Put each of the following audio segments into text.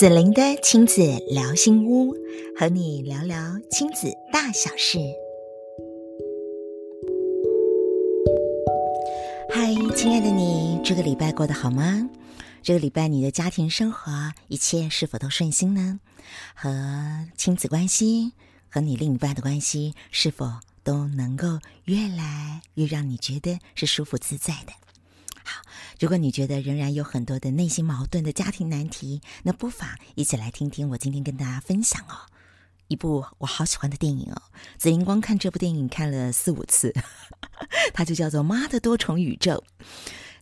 子玲的親子聊心屋，和你聊聊親子大小事。嗨，親愛的你，這個禮拜過得好嗎？這個禮拜你的家庭生活一切是否都順心呢？和親子關係，和你另一半的關係是否都能夠越來越讓你覺得是舒服自在的？如果你覺得仍然有很多的內心矛盾的家庭難題，那不妨一起來聽聽我今天跟大家分享哦，一部我好喜歡的電影哦，子玲光看這部電影看了四五次，呵呵，它就叫做《媽的多重宇宙》。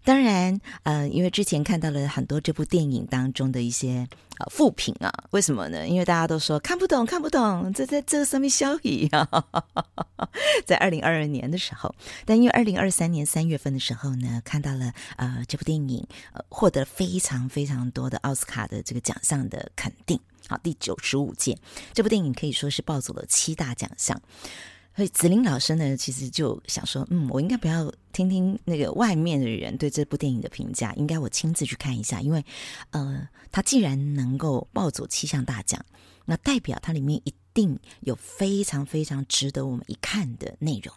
當然，呃，因為之前看到了很多這部電影當中的一些呃負評啊，為什麼呢？因為大家都說看不懂，看不懂，這這這上面消息啊， 在二零二二年的時候，但因為二零二三年三月份的時候呢，看到了呃這部電影，呃獲得非常非常多的奧斯卡的這個獎項的肯定，好，第九十五屆這部電影可以說是抱走了七大獎項。所以子玲老師呢，其實就想說，嗯，我應該不要聽聽那個外面的人對這部電影的評價，應該我親自去看一下。因為，呃，他既然能夠抱走七項大獎，那代表它裡面一定有非常非常值得我們一看的內容。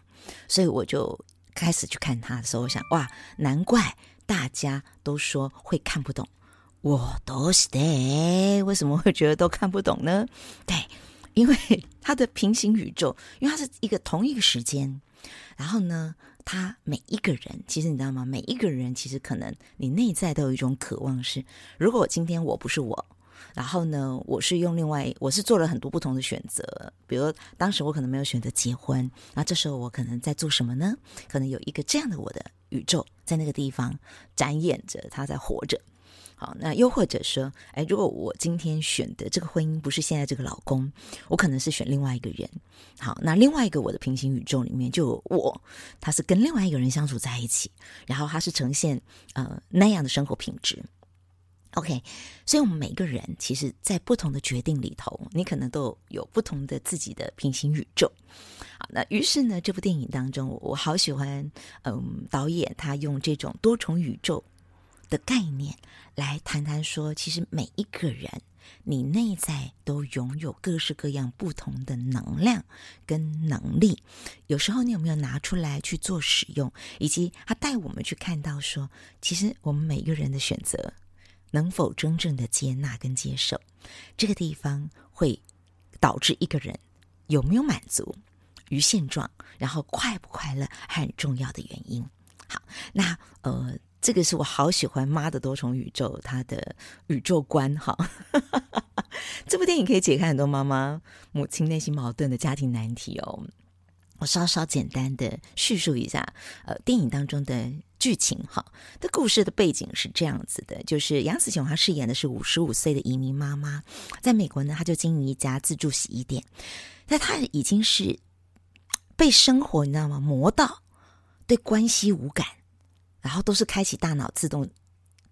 所以我就開始去看他的時候，我想，哇，難怪大家都說會看不懂，我都是 t 為什麼會覺得都看不懂呢？對。因為它的平行宇宙，因為它是一個同一個時間，然後呢，他每一個人，其實你知道嗎？每一個人其實可能，你內在都有一種渴望是，是如果今天我不是我，然後呢，我是用另外，我是做了很多不同的選擇，比如當時我可能沒有選擇結婚，那這時候我可能在做什麼呢？可能有一個這樣的我的宇宙，在那個地方展演着，他在活着。好，那又或者說，哎，如果我今天選的這個婚姻不是現在這個老公，我可能是選另外一個人。好，那另外一個我的平行宇宙裡面，就有我，他是跟另外一個人相處在一起，然後他是呈現呃那樣的生活品質。OK，所以，我們每個人其實，在不同的決定裡頭，你可能都有不同的自己的平行宇宙。好，那於是呢，這部電影當中，我好喜歡，嗯，導演他用這種多重宇宙。的概念來談談說，其實每一個人，你內在都擁有各式各樣不同的能量跟能力，有時候你有沒有拿出來去做使用？以及他帶我們去看到說，其實我們每一個人的選擇能否真正的接納跟接受，這個地方會導致一個人有沒有滿足於現狀，然後快不快樂，很重要的原因。好，那呃。這個是我好喜歡媽的多重宇宙，她的宇宙觀哈。 這部電影可以解開很多媽媽、母親內心矛盾的家庭難題哦。我稍稍簡單的敘述一下，呃，電影當中的劇情哈。這故事的背景是這樣子的，就是楊紫瓊她飾演的是五十五歲的移民媽媽，在美國呢，她就經營一家自助洗衣店，但她已經是被生活，你知道嗎，磨到，對關係無感。然後都是開啟大腦自動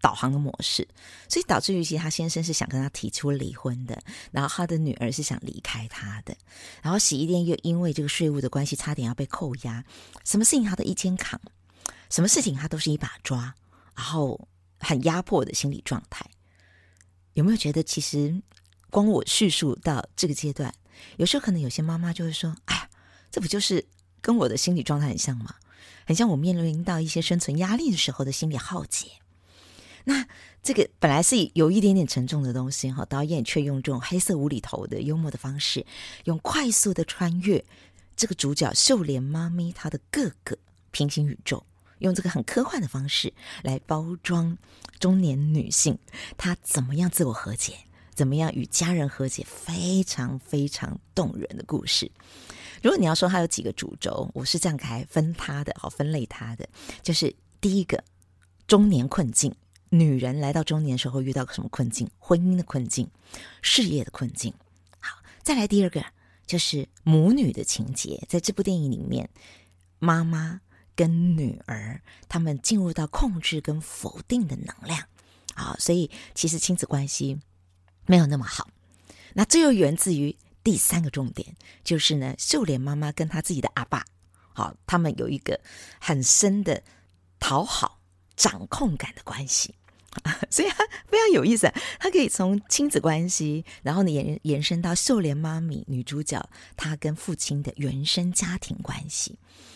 導航的模式，所以導致於，其實他先生是想跟他提出離婚的，然後他的女兒是想離開他的，然後洗衣店又因為這個稅務的關係，差點要被扣押。什麼事情他都一肩扛，什麼事情他都是一把抓，然後很壓迫的心理狀態。有沒有覺得，其實光我敘述到這個階段，有時候可能有些媽媽就會說：“哎呀，這不就是跟我的心理狀態很像嗎？”很像我面臨到一些生存壓力的時候的心理浩劫。那這個本來是有一點點沉重的東西，哈，導演卻用這種黑色無厘頭的幽默的方式，用快速的穿越這個主角秀蓮媽咪她的各個、個平行宇宙，用這個很科幻的方式來包裝中年女性她怎麼樣自我和解，怎麼樣與家人和解，非常非常動人的故事。如果你要說它有幾個主軸，我是這樣開，分它的啊，分類它的，就是第一個中年困境，女人來到中年時候遇到個什麼困境？婚姻的困境，事業的困境。好，再來第二個就是母女的情結，在這部電影裡面，媽媽跟女兒他們進入到控制跟否定的能量。好，所以其實親子關係沒有那麼好。那這又源自於。第三個重點就是呢，秀蓮媽媽跟她自己的阿爸，好，他們有一個很深的討好掌控感的關係，啊， 所以他非常有意思，他可以從親子關係，然後呢，延延伸到秀蓮媽咪女主角她跟父親的原生家庭關係，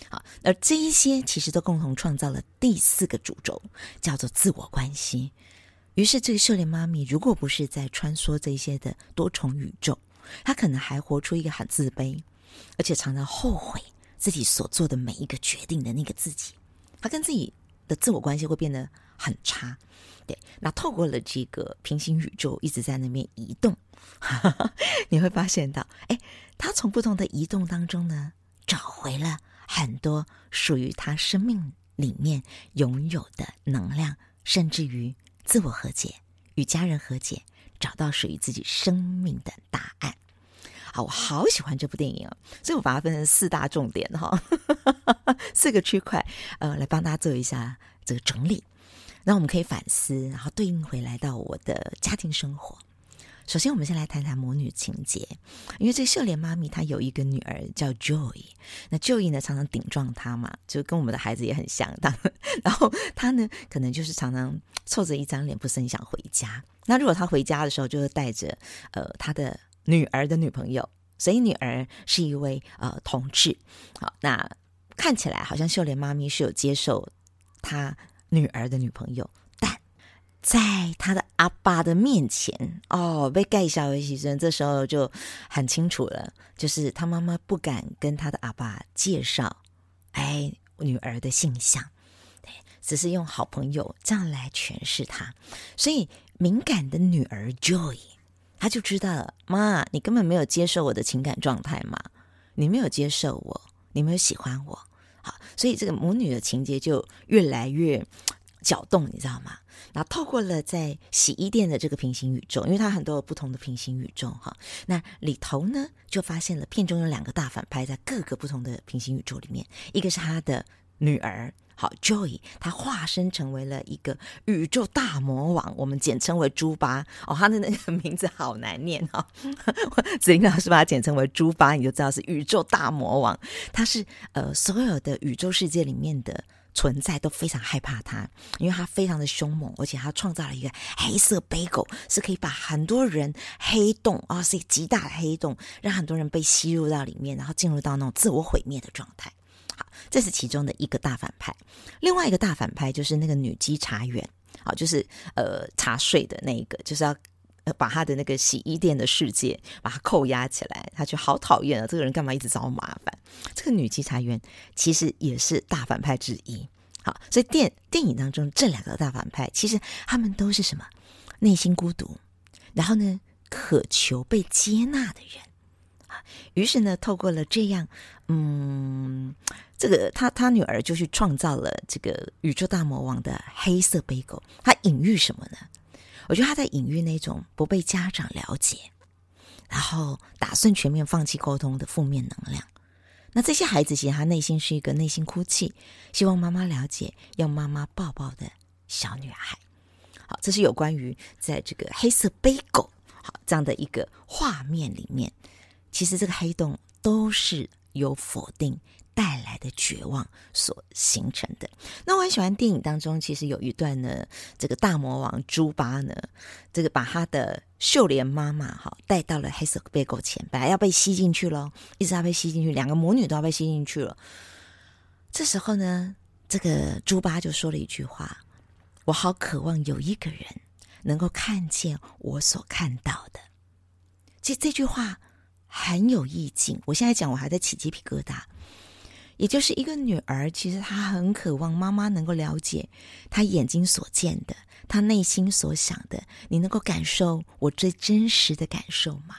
啊，而這一些其實都共同創造了第四個主軸，叫做自我關係。於是這個秀蓮媽咪，如果不是在穿梭這些的多重宇宙，他可能還活出一個很自卑，而且常常後悔自己所做的每一個決定的那個自己，他跟自己的自我關係會變得很差。對，那透過了這個平行宇宙一直在那邊移動，哈哈，你會發現到，誒，他從不同的移動當中呢，找回了很多屬於他生命裡面擁有的能量，甚至於自我和解，與家人和解。找到屬於自己生命的答案。好，我好喜歡這部電影哦，所以我把它分成四大重點哦，哈哈哈哈，四個區塊，呃，來幫大家做一下這個整理。那我們可以反思，然後對應回來到我的家庭生活。首先，我們先來談談母女情結，因為這秀蓮媽咪她有一個女兒叫 Joy，那 Joy 呢，常常頂撞她嘛，就跟我們的孩子也很像。然後她呢，可能就是常常臭着一張臉，不是很想回家。那如果她回家的時候，就會帶着呃她的女兒的女朋友，所以女兒是一位呃同志。好，那看起來好像秀蓮媽咪是有接受她女兒的女朋友。在他的阿爸的面前，哦，被蓋小維其生，這時候就很清楚了，就是他媽媽不敢跟他的阿爸介紹，哎，女兒的性向，對，只是用好朋友這樣來詮釋她。所以敏感的女兒 Joy，她就知道了，媽，你根本沒有接受我的情感狀態嘛，你沒有接受我，你沒有喜歡我，好，所以這個母女的情結就越來越。攪動，你知道嗎？然後透過了在洗衣店的這個平行宇宙，因為它很多不同的平行宇宙哈，那裡頭呢就發現了片中有兩個大反派在各個不同的平行宇宙裡面，一個是他的女兒，好 Joy，他化身成為了一個宇宙大魔王，我們簡稱為豬八哦，他的那個名字好難念啊、哦， 子玲老師把它簡稱為豬八，你就知道是宇宙大魔王，他是呃所有的宇宙世界裡面的。存在都非常害怕他，因為他非常的兇猛，而且他創造了一個黑色貝果，是可以把很多人黑洞啊、哦，是一個極大的黑洞，讓很多人被吸入到裡面，然後進入到那種自我毀滅的狀態。好，這是其中的一個大反派。另外一個大反派就是那個女稽查員，好，就是呃查稅的那一個，就是要。把他的那個洗衣店的世界，把他扣押起來，他就好討厭啊！這個人幹嘛一直找我麻煩？這個女稽查員其實也是大反派之一。好，所以電電影當中這兩個大反派其實他們都是什麼？內心孤獨，然後呢，渴求被接納的人。於是呢，透過了這樣，嗯，這個他他女兒就去創造了這個宇宙大魔王的黑色貝果。他隱喻什麼呢？我覺得他在隱喻那種不被家長了解，然後打算全面放棄溝通的負面能量。那這些孩子其實他內心是一個內心哭泣，希望媽媽了解，要媽媽抱抱的小女孩。好，這是有關於在這個黑色貝果，好，這樣的一個畫面裡面，其實這個黑洞都是有否定帶來的絕望所形成的。那我很喜歡電影當中，其實有一段呢，這個大魔王朱巴呢，這個把他的秀蓮媽媽哈帶到了黑色貝果前，本來要被吸進去咯，一直要被吸進去，兩個母女都要被吸進去了。這時候呢，這個朱巴就說了一句話：“我好渴望有一個人能夠看見我所看到的。”其實這句話很有意境，我現在講我還在起雞皮疙瘩。也就是一個女兒，其實她很渴望媽媽能夠了解她眼睛所見的，她內心所想的。你能夠感受我最真實的感受嗎？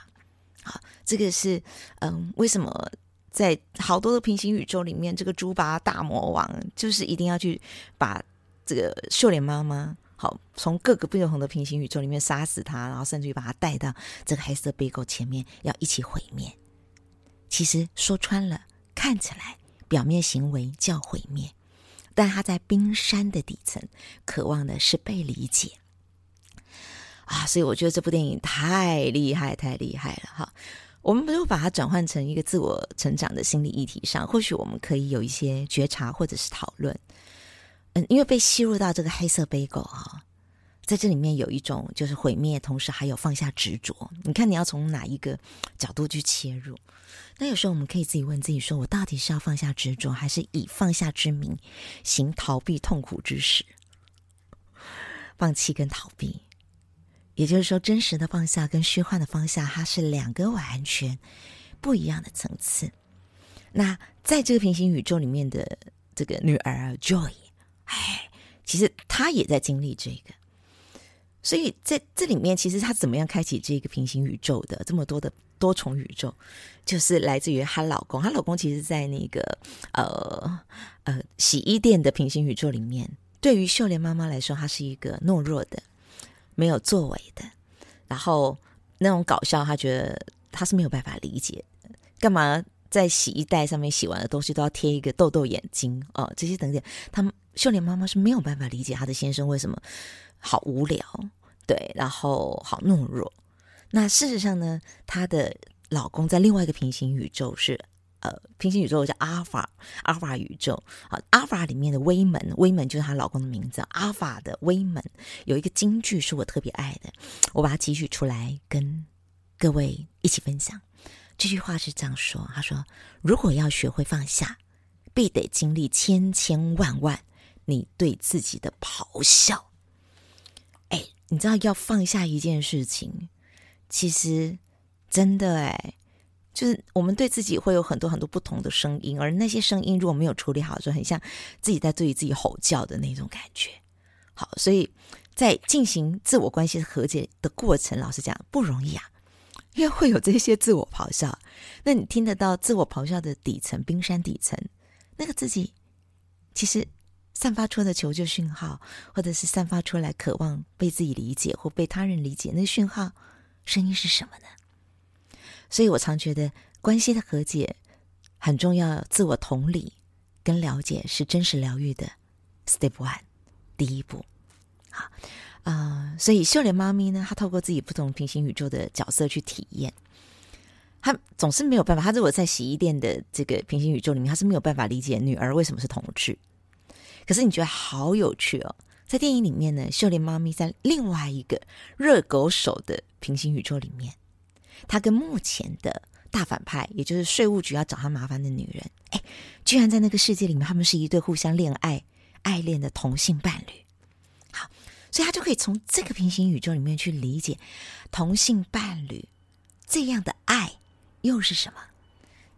好，這個是嗯，為什麼在好多的平行宇宙裡面，這個豬八大魔王就是一定要去把這個秀蓮媽媽好從各個不同的平行宇宙裡面殺死她，然後甚至於把她帶到這個黑色貝果前面要一起毀滅。其實說穿了，看起來。表面行為叫毀滅，但他在冰山的底層渴望的是被理解啊！所以我覺得這部電影太厲害，太厲害了哈！我們不如把它轉換成一個自我成長的心理議題上，或許我們可以有一些覺察或者是討論。嗯，因為被吸入到這個黑色貝果哈，在這裡面有一種就是毀滅，同時還有放下執着。你看你要從哪一個角度去切入？那有時候我們可以自己問自己說：說我到底是要放下執着，還是以放下之名行逃避痛苦之事？放棄跟逃避，也就是說，真實的放下跟虛幻的放下，它是兩個完全不一樣的層次。那在這個平行宇宙裡面的這個女兒 Joy 哎，其實她也在經歷這個。所以在這裡面，其實她怎麼樣開啟這個平行宇宙的？這麼多的。多重宇宙就是來自於她老公，她老公其實，在那個呃呃洗衣店的平行宇宙裡面，對於秀蓮媽媽來說，她是一個懦弱的、沒有作為的，然後那種搞笑，她覺得她是沒有辦法理解，幹嘛在洗衣袋上面洗完的東西都要貼一個豆豆眼睛哦，這些等等，她秀蓮媽媽是沒有辦法理解她的先生為什麼好無聊，對，然後好懦弱。那事實上呢，她的老公在另外一個平行宇宙是，呃，平行宇宙叫阿法，阿法宇宙啊，阿法裡面的威門，威門就是她老公的名字，阿法的威門有一個金句是我特別愛的，我把它提取出來跟各位一起分享。這句話是這樣說，他說：“如果要學會放下，必得經歷千千萬萬你對自己的咆哮。”哎，你知道要放下一件事情。其實，真的哎，就是我們對自己會有很多很多不同的聲音，而那些聲音如果沒有處理好，就很像自己在對自己吼叫的那種感覺。好，所以在進行自我關係和解的過程，老實講，不容易啊，因為會有這些自我咆哮。那你聽得到自我咆哮的底層，冰山底層，那個自己，其實散發出的求救訊號，或者是散發出來渴望被自己理解或被他人理解那個訊號。聲音是什麼呢？所以我常覺得關係的和解很重要，自我同理跟了解是真實療癒的 step one 第一步。好，啊、呃，所以秀蓮媽咪呢，她透過自己不同平行宇宙的角色去體驗，她總是沒有辦法。她如果在洗衣店的這個平行宇宙裡面，她是沒有辦法理解女兒為什麼是同居。可是你覺得好有趣哦。在電影裡面呢，秀蓮媽咪在另外一個熱狗手的平行宇宙裡面，她跟目前的大反派，也就是稅務局要找她麻煩的女人，誒，居然在那個世界裡面，他們是一對互相戀愛、愛戀的同性伴侶。好，所以她就可以從這個平行宇宙裡面去理解同性伴侶這樣的愛又是什麼？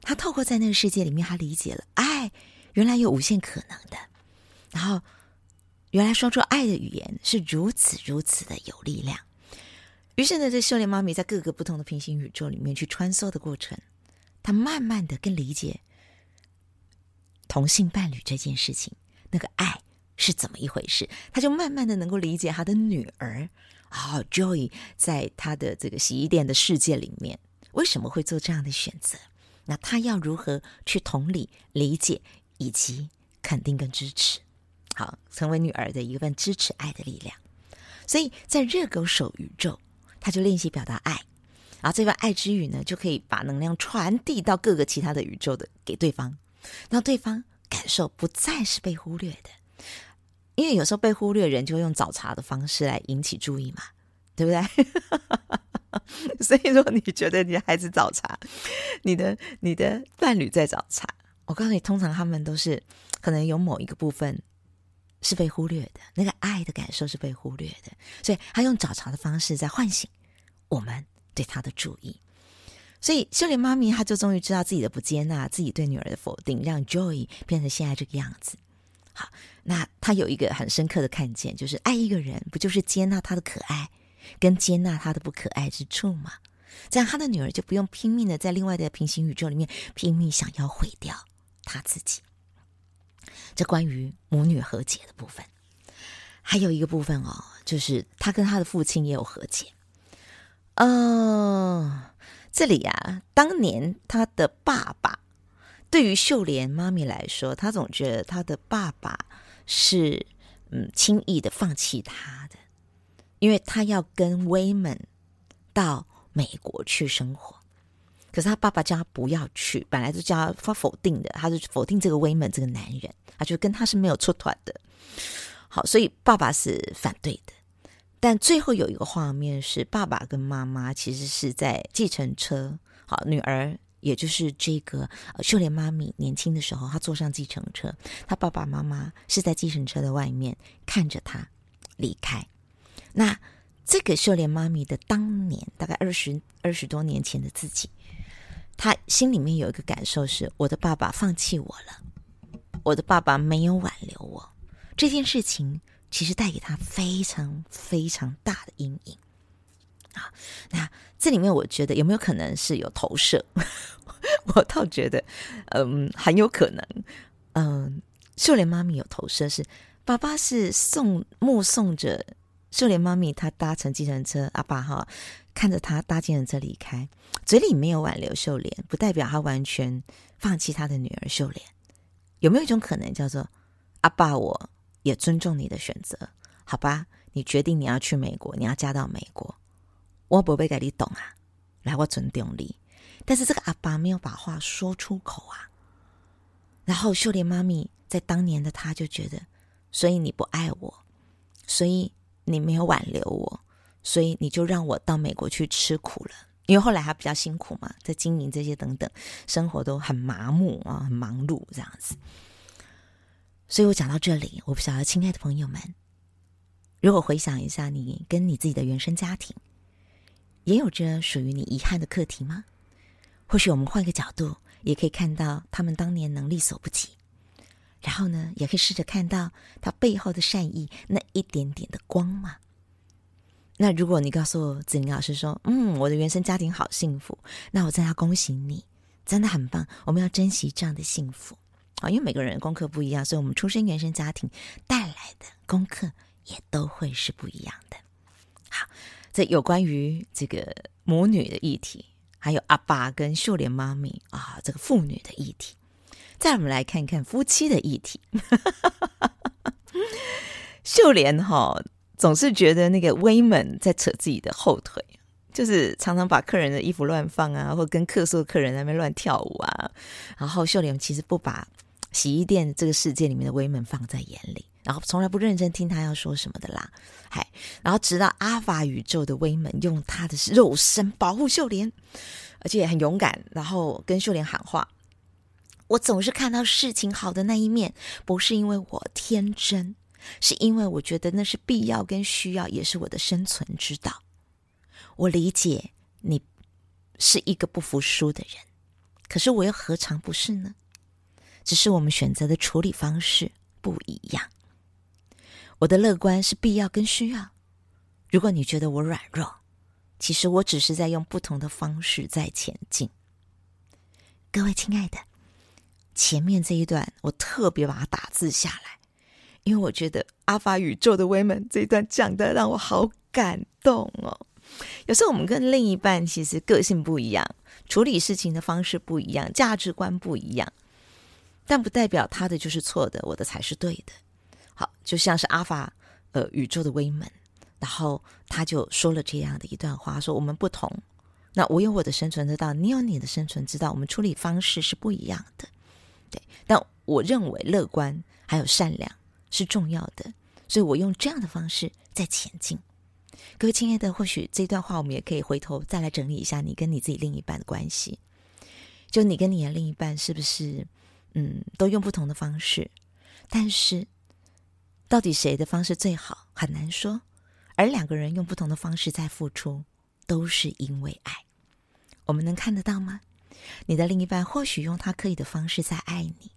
她透過在那個世界裡面，她理解了愛原來有無限可能的。然後。原來說出愛的語言是如此如此的有力量。於是呢，這秀蓮媽咪在各個不同的平行宇宙裡面去穿梭的過程，她慢慢的更理解同性伴侶這件事情，那個愛是怎麼一回事。她就慢慢的能夠理解她的女兒，啊，哦，Joy 在她的這個洗衣店的世界裡面為什麼會做這樣的選擇，那她要如何去同理、理解以及肯定跟支持？好，成為女兒的一份支持愛的力量，所以在熱狗手宇宙，她就練習表達愛，然後這份愛之語呢，就可以把能量傳遞到各個其他的宇宙的給對方，讓對方感受不再是被忽略的，因為有時候被忽略人就會用找茬的方式來引起注意嘛，對不對？ 所以說，你覺得你的孩子找茬，你的你的伴侶在找茬，我告訴你，通常他們都是可能有某一個部分。是被忽略的，那個愛的感受是被忽略的，所以他用找碴的方式在喚醒我們對他的注意。所以秀蓮媽咪她就終於知道自己的不接納，自己對女兒的否定，讓 Joy 變成現在這個樣子。好，那她有一個很深刻的看見，就是愛一個人不就是接納她的可愛，跟接納她的不可愛之處嗎？這樣她的女兒就不用拼命的在另外的平行宇宙裡面拼命想要毀掉她自己。這關於母女和解的部分，還有一個部分哦，就是她跟她的父親也有和解。哦，這裡啊，當年她的爸爸對於秀蓮媽咪來說，她總覺得她的爸爸是嗯輕易地放棄她的，因為她要跟威門到美國去生活。可是他爸爸叫他不要去，本來就叫他發否定的，他就否定這個威 n 這個男人，他就跟他是沒有出團的。好，所以爸爸是反對的。但最後有一個畫面是爸爸跟媽媽其實是在計程車，好，女兒也就是這個秀蓮、呃、媽咪年輕的時候，她坐上計程車，她爸爸媽媽是在計程車的外面看着她離開。那這個秀蓮媽咪的當年大概二十二十多年前的自己。他心裡面有一個感受是：我的爸爸放棄我了，我的爸爸沒有挽留我。這件事情其實帶給他非常非常大的陰影。啊，那這裡面我覺得有沒有可能是有投射？ 我倒覺得，嗯，很有可能。嗯，秀蓮媽咪有投射是，是爸爸是送目送着秀蓮媽咪，她搭乘計程車，阿爸哈。看着他搭計程車離開，嘴裡沒有挽留秀蓮，不代表他完全放棄他的女兒秀蓮。有沒有一種可能叫做阿爸，我也尊重你的選擇，好吧？你決定你要去美國，你要嫁到美國，我不會跟你懂啊。來，我尊重你，但是這個阿爸沒有把話說出口啊。然後秀蓮媽咪在當年的她就覺得，所以你不愛我，所以你沒有挽留我。所以你就讓我到美國去吃苦了，因為後來還比較辛苦嘛，在經營這些等等，生活都很麻木啊，很忙碌這樣子。所以我講到這裡，我不曉得親愛的朋友們，如果回想一下你跟你自己的原生家庭，也有着屬於你遺憾的課題嗎？或許我們換個角度，也可以看到他們當年能力所不及，然後呢，也可以試着看到他背後的善意那一點點的光嘛。那如果你告訴子玲老師說，嗯，我的原生家庭好幸福，那我真的要恭喜你，真的很棒。我們要珍惜這樣的幸福啊、哦，因為每個人的功課不一樣，所以我們出生原生家庭帶來的功課也都會是不一樣的。好，這有關於這個母女的議題，還有阿爸跟秀蓮媽咪啊、哦，這個父女的議題。再來我們來看看夫妻的議題， 秀蓮哈、哦。總是覺得那個威門在扯自己的後腿，就是常常把客人的衣服亂放啊，或跟客訴的客人在那邊亂跳舞啊。然後秀蓮其實不把洗衣店這個世界裡面的威門放在眼裡，然後從來不認真聽他要說什麼的啦。嗨，然後直到阿法宇宙的威門用他的肉身保護秀蓮，而且也很勇敢，然後跟秀蓮喊話：“我總是看到事情好的那一面，不是因為我天真。”是因為我覺得那是必要跟需要，也是我的生存之道。我理解你是一個不服輸的人，可是我又何嘗不是呢？只是我們選擇的處理方式不一樣。我的樂觀是必要跟需要。如果你覺得我軟弱，其實我只是在用不同的方式在前進。各位親愛的，前面這一段我特別把它打字下來。因為我覺得阿法宇宙的威門這一段講的讓我好感動哦。有時候我們跟另一半其實個性不一樣，處理事情的方式不一樣，價值觀不一樣，但不代表他的就是錯的，我的才是對的。好，就像是阿法，呃，宇宙的威門，然後他就說了這樣的一段話，說我們不同，那我有我的生存之道，你有你的生存之道，我們處理方式是不一樣的。對，但我認為樂觀還有善良。是重要的，所以我用這樣的方式在前進。各位親愛的，或許這段話我們也可以回頭再來整理一下你跟你自己另一半的關係。就你跟你的另一半是不是，嗯，都用不同的方式，但是到底誰的方式最好很難說。而兩個人用不同的方式在付出，都是因為愛。我們能看得到嗎？你的另一半或許用他可以的方式在愛你。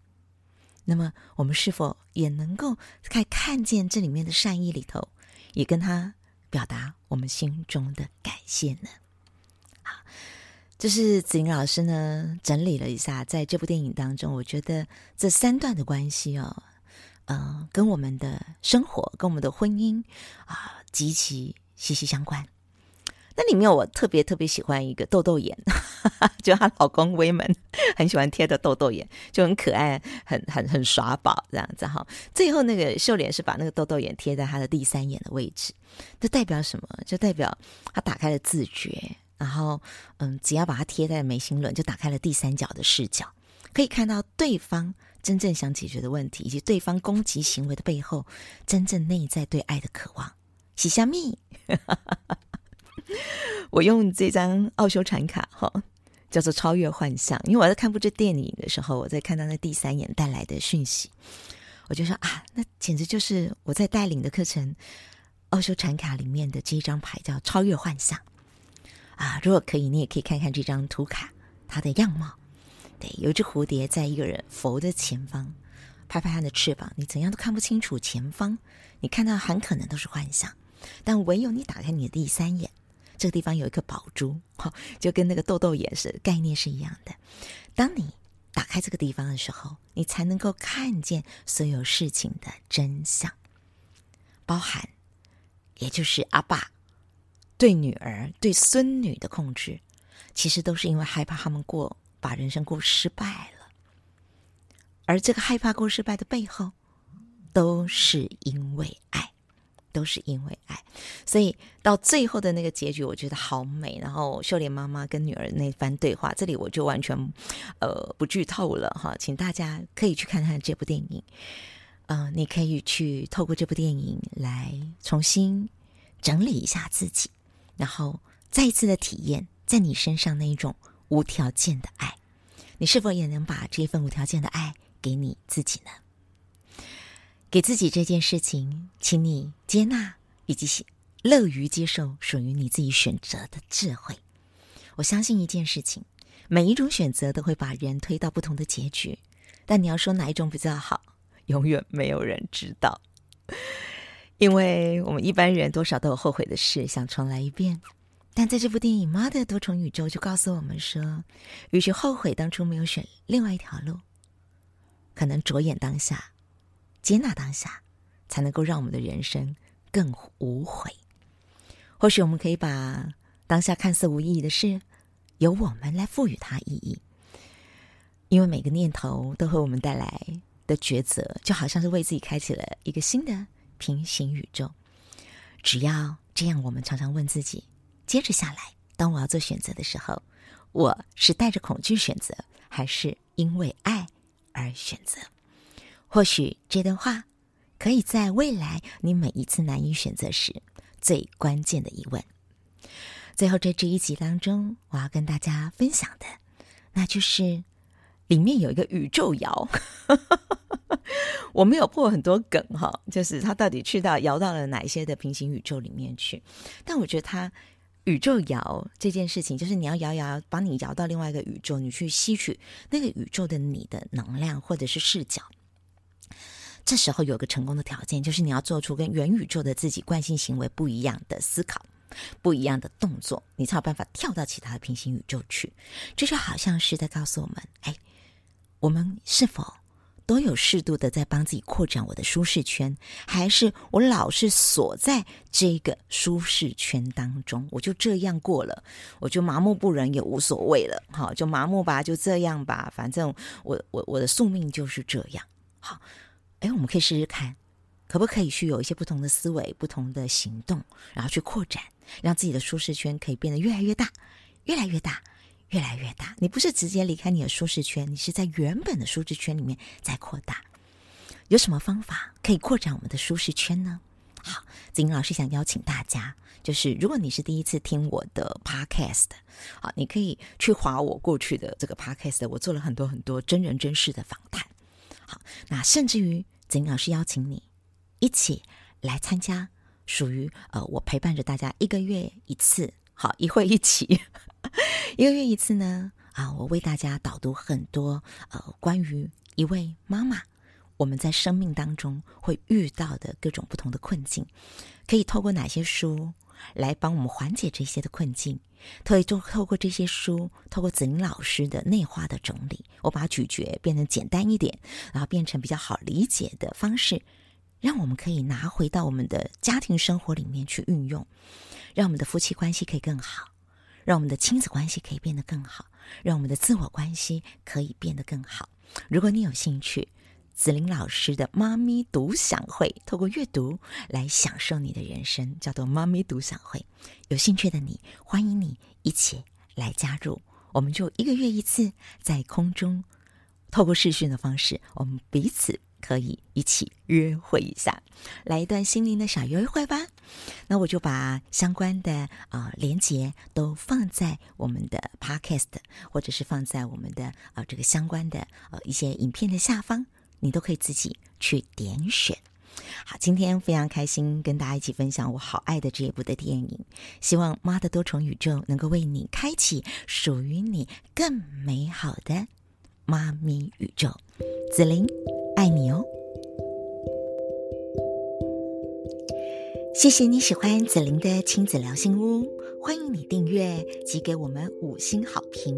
那麼，我們是否也能夠在看見這裡面的善意裡頭，也跟他表達我們心中的感謝呢？好，這、就是子玲老師呢整理，了一下，在這部電影當中，我覺得這三段的關係哦，呃，跟我們的生活、跟我們的婚姻啊，極其息息相關。那裡面我特別特別喜歡一個豆豆眼， 就她老公威門 很喜歡貼的豆豆眼，就很可愛，很很很耍寶這樣子哈。最後那個秀蓮是把那個豆豆眼貼在他的第三眼的位置，這代表什麼？就代表她打開了自覺，然後嗯，只要把它貼在了眉心輪，就打開了第三角的視角，可以看到對方真正想解決的問題，以及對方攻擊行為的背後真正內在對愛的渴望。洗蝦米 我用這張奧修禪卡，哦，叫做超越幻象。因為我在看部這電影看這部電影的時候，我在看到那第三眼帶來的訊息，我就說啊，那簡直就是我在帶領的課程奧修禪卡裡面的這一張牌叫超越幻象。啊，如果可以，你也可以看看這張圖卡它的樣貌。對，有一只蝴蝶在一個人佛的前方拍拍它的翅膀，你怎樣都看不清楚前方，你看到很可能都是幻象，但唯有你打開你的第三眼。這個地方有一顆寶珠，就跟那個豆豆眼是概念是一樣的。當你打開這個地方的時候，你才能夠看見所有事情的真相，包含，也就是阿爸對女兒、對孫女的控制，其實都是因為害怕他們過把人生過失敗了。而這個害怕過失敗的背後，都是因為愛。都是因為愛，所以到最後的那個結局，我覺得好美。然後秀蓮媽媽跟女兒那番對話，這裡我就完全，呃，不劇透了哈，請大家可以去看看這部電影。嗯、呃，你可以去透過這部電影來重新整理一下自己，然後再一次的體驗在你身上那一種無條件的愛。你是否也能把這份無條件的愛給你自己呢？給自己這件事情，請你接納以及樂於接受屬於你自己選擇的智慧。我相信一件事情，每一種選擇都會把人推到不同的結局，但你要說哪一種比較好，永遠沒有人知道，因為我們一般人多少都有後悔的事，想重來一遍。但在這部電影《媽的多重宇宙》就告訴我們說，與其後悔當初沒有選另外一條路，可能着眼當下。接納當下，才能夠讓我們的人生更無悔。或許我們可以把當下看似無意義的事，由我們來賦予它意義。因為每個念頭都和我們帶來的抉擇，就好像是為自己開啟了一個新的平行宇宙。只要這樣，我們常常問自己，接着下來，當我要做選擇的時候，我是帶着恐懼選擇，還是因為愛而選擇？或許這段話，可以在未來你每一次難以選擇時，最關鍵的疑問。最後這支一集當中，我要跟大家分享的，那就是裡面有一個宇宙搖， 我沒有破很多梗哈，就是他到底去到搖到了哪一些的平行宇宙裡面去？但我覺得它宇宙搖這件事情，就是你要搖一搖，把你搖到另外一個宇宙，你去吸取那個宇宙的你的能量或者是視角。這時候有個成功的條件，就是你要做出跟原宇宙的自己慣性行為不一樣的思考，不一樣的動作，你才有辦法跳到其他的平行宇宙去。這就好像是在告訴我們：哎，我們是否都有適度的在幫自己擴展我的舒適圈？還是我老是鎖在這個舒適圈當中，我就這樣過了，我就麻木不仁也無所謂了？好，就麻木吧，就這樣吧，反正我我我的宿命就是這樣。好。誒，我們可以試試看，可不可以去有一些不同的思維、不同的行動，然後去擴展，讓自己的舒適圈可以變得越來越大、越來越大、越來越大。你不是直接離開你的舒適圈，你是在原本的舒適圈裡面在擴大。有什麼方法可以擴展我們的舒適圈呢？好，子英老師想邀請大家，就是如果你是第一次聽我的 podcast，好，你可以去划我過去的這個 podcast，我做了很多很多真人真事的訪談。好，那甚至於，子玲老師邀請你一起來參加，屬於呃，我陪伴着大家一個月一次，好，一會一起， 一個月一次呢，啊，我為大家導讀很多呃，關於一位媽媽，我們在生命當中會遇到的各種不同的困境，可以透過哪些書來幫我們緩解這些的困境。所以就透過這些書，透過子玲老師的內化的整理，我把咀嚼變得簡單一點，然後變成比較好理解的方式，讓我們可以拿回到我們的家庭生活裡面去運用，讓我們的夫妻關係可以更好，讓我們的親子關係可以變得更好，讓我們的自我關係可以變得更好。如果你有興趣。子玲老師的“媽咪讀享會”，透過閱讀來享受你的人生，叫做“媽咪讀享會”。有興趣的你，歡迎你一起來加入。我們就一個月一次，在空中，透過視訊的方式，我們彼此可以一起約會一下，來一段心靈的小約會吧。那我就把相關的啊、呃、連結都放在我們的 Podcast，或者是放在我們的啊、呃、這個相關的呃一些影片的下方。你都可以自己去點選。好，今天非常開心跟大家一起分享我好愛的這一部的電影，希望《媽的多重宇宙》能夠為你開啟屬於你更美好的媽咪宇宙。子玲愛你哦！謝謝你喜歡子玲的親子聊心屋，歡迎你訂閱及給我們五星好評。